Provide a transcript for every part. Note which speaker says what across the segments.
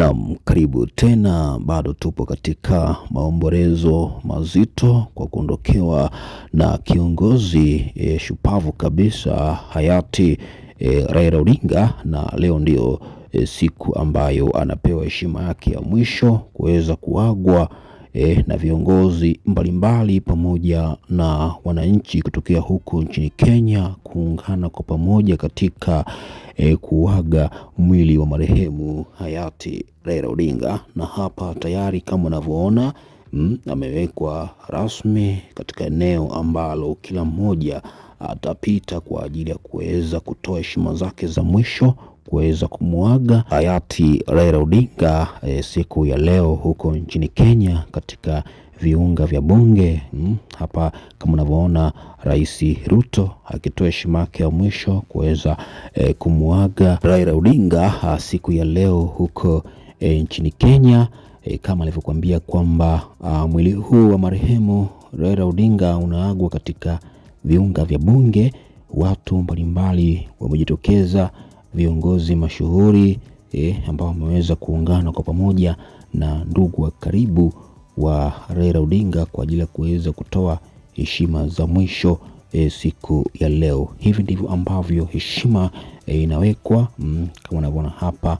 Speaker 1: Naam, karibu tena. Bado tupo katika maombolezo mazito kwa kuondokewa na kiongozi e, shupavu kabisa hayati e, Raila Odinga, na leo ndio e, siku ambayo anapewa heshima yake ya mwisho kuweza kuagwa e, na viongozi mbalimbali pamoja na wananchi kutokea huko nchini Kenya kuungana kwa pamoja katika e, kuaga mwili wa marehemu hayati Raila Odinga, na hapa tayari kama unavyoona mm, amewekwa rasmi katika eneo ambalo kila mmoja atapita kwa ajili ya kuweza kutoa heshima zake za mwisho kuweza kumwaga hayati Raila Odinga e, siku ya leo huko nchini Kenya katika viunga vya bunge mm. Hapa kama unavyoona Rais Ruto akitoa heshima yake ya mwisho kuweza e, kumuaga Raila Odinga ah, siku ya leo huko e, nchini Kenya e, kama alivyokuambia kwamba ah, mwili huu wa marehemu Raila Odinga unaagwa katika viunga vya bunge. Watu mbalimbali wamejitokeza, viongozi mashuhuri e, ambao wameweza kuungana kwa pamoja na ndugu wa karibu wa Raila Odinga kwa ajili ya kuweza kutoa heshima za mwisho e, siku ya leo. Hivi ndivyo ambavyo heshima e, inawekwa mm, kama unavyoona hapa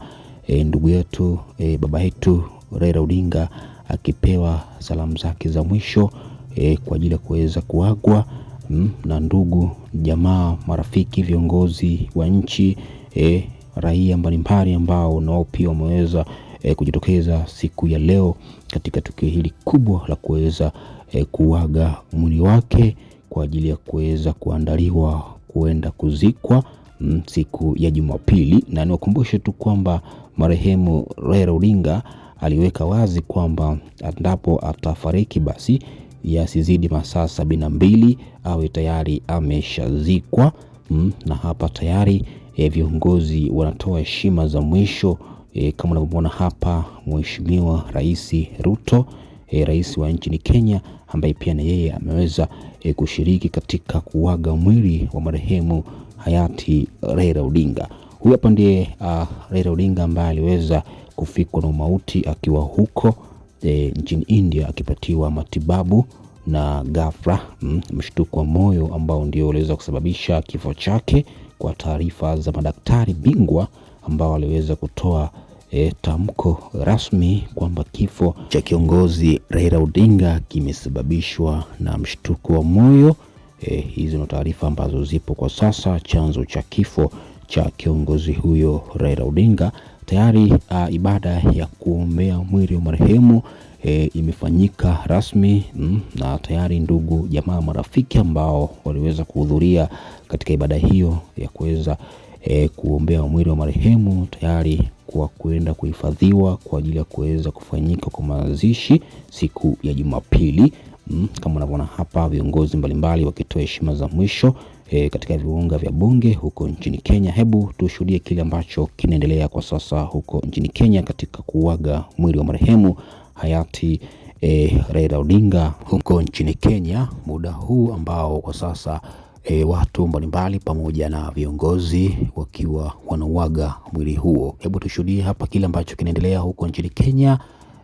Speaker 1: e, ndugu yetu e, baba yetu Raila Odinga akipewa salamu zake za mwisho e, kwa ajili ya kuweza kuagwa mm, na ndugu jamaa, marafiki, viongozi wa nchi e, raia mbalimbali ambao nao pia wameweza e, kujitokeza siku ya leo katika tukio hili kubwa la kuweza e, kuaga mwili wake kwa ajili ya kuweza kuandaliwa kuenda kuzikwa m, mm, siku ya Jumapili, na niwakumbushe tu kwamba marehemu Raila Odinga aliweka wazi kwamba endapo atafariki basi yasizidi masaa sabini na mbili awe tayari ameshazikwa. Mm, na hapa tayari eh, viongozi wanatoa heshima za mwisho E, kama unavyomwona hapa Mheshimiwa Rais Ruto e, rais wa nchini Kenya ambaye pia na yeye ameweza e, kushiriki katika kuaga mwili wa marehemu hayati Raila Odinga. Huyu hapa ndiye uh, Raila Odinga ambaye aliweza kufikwa na umauti akiwa huko e, nchini India akipatiwa matibabu na ghafla mm, mshtuko wa moyo ambao ndio uliweza kusababisha kifo chake kwa taarifa za madaktari bingwa ambao waliweza kutoa e, tamko rasmi kwamba kifo cha kiongozi Raila Odinga kimesababishwa na mshtuko wa moyo. E, eh, hizi no taarifa ambazo zipo kwa sasa. Chanzo cha kifo cha kiongozi huyo Raila Odinga tayari a, ah, ibada ya kuombea mwili wa marehemu e, imefanyika rasmi mm, na tayari ndugu, jamaa, marafiki ambao waliweza kuhudhuria katika ibada hiyo ya kuweza e, kuombea mwili wa marehemu tayari kwa kwenda kuhifadhiwa kwa ajili ya kuweza kufanyika kwa mazishi siku ya Jumapili. Mm, kama unavyoona hapa viongozi mbalimbali wakitoa heshima za mwisho e, katika viunga vya bunge huko nchini Kenya. Hebu tushuhudie kile ambacho kinaendelea kwa sasa huko nchini Kenya katika kuaga mwili wa marehemu hayati e, Raila Odinga huko nchini Kenya muda huu ambao kwa sasa e, watu mbalimbali pamoja na viongozi wakiwa wanauaga mwili huo. Hebu tushuhudie hapa kile ambacho kinaendelea huko nchini Kenya.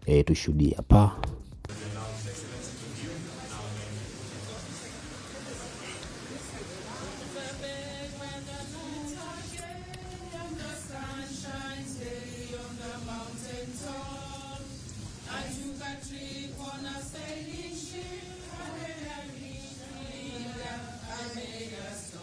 Speaker 1: E, tushuhudie hapa I'm to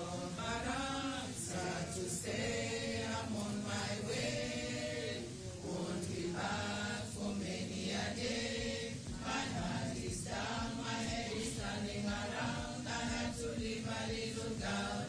Speaker 1: on my way. Won't be back for many a day. My heart is down, my head is turning around. I had to leave little girl.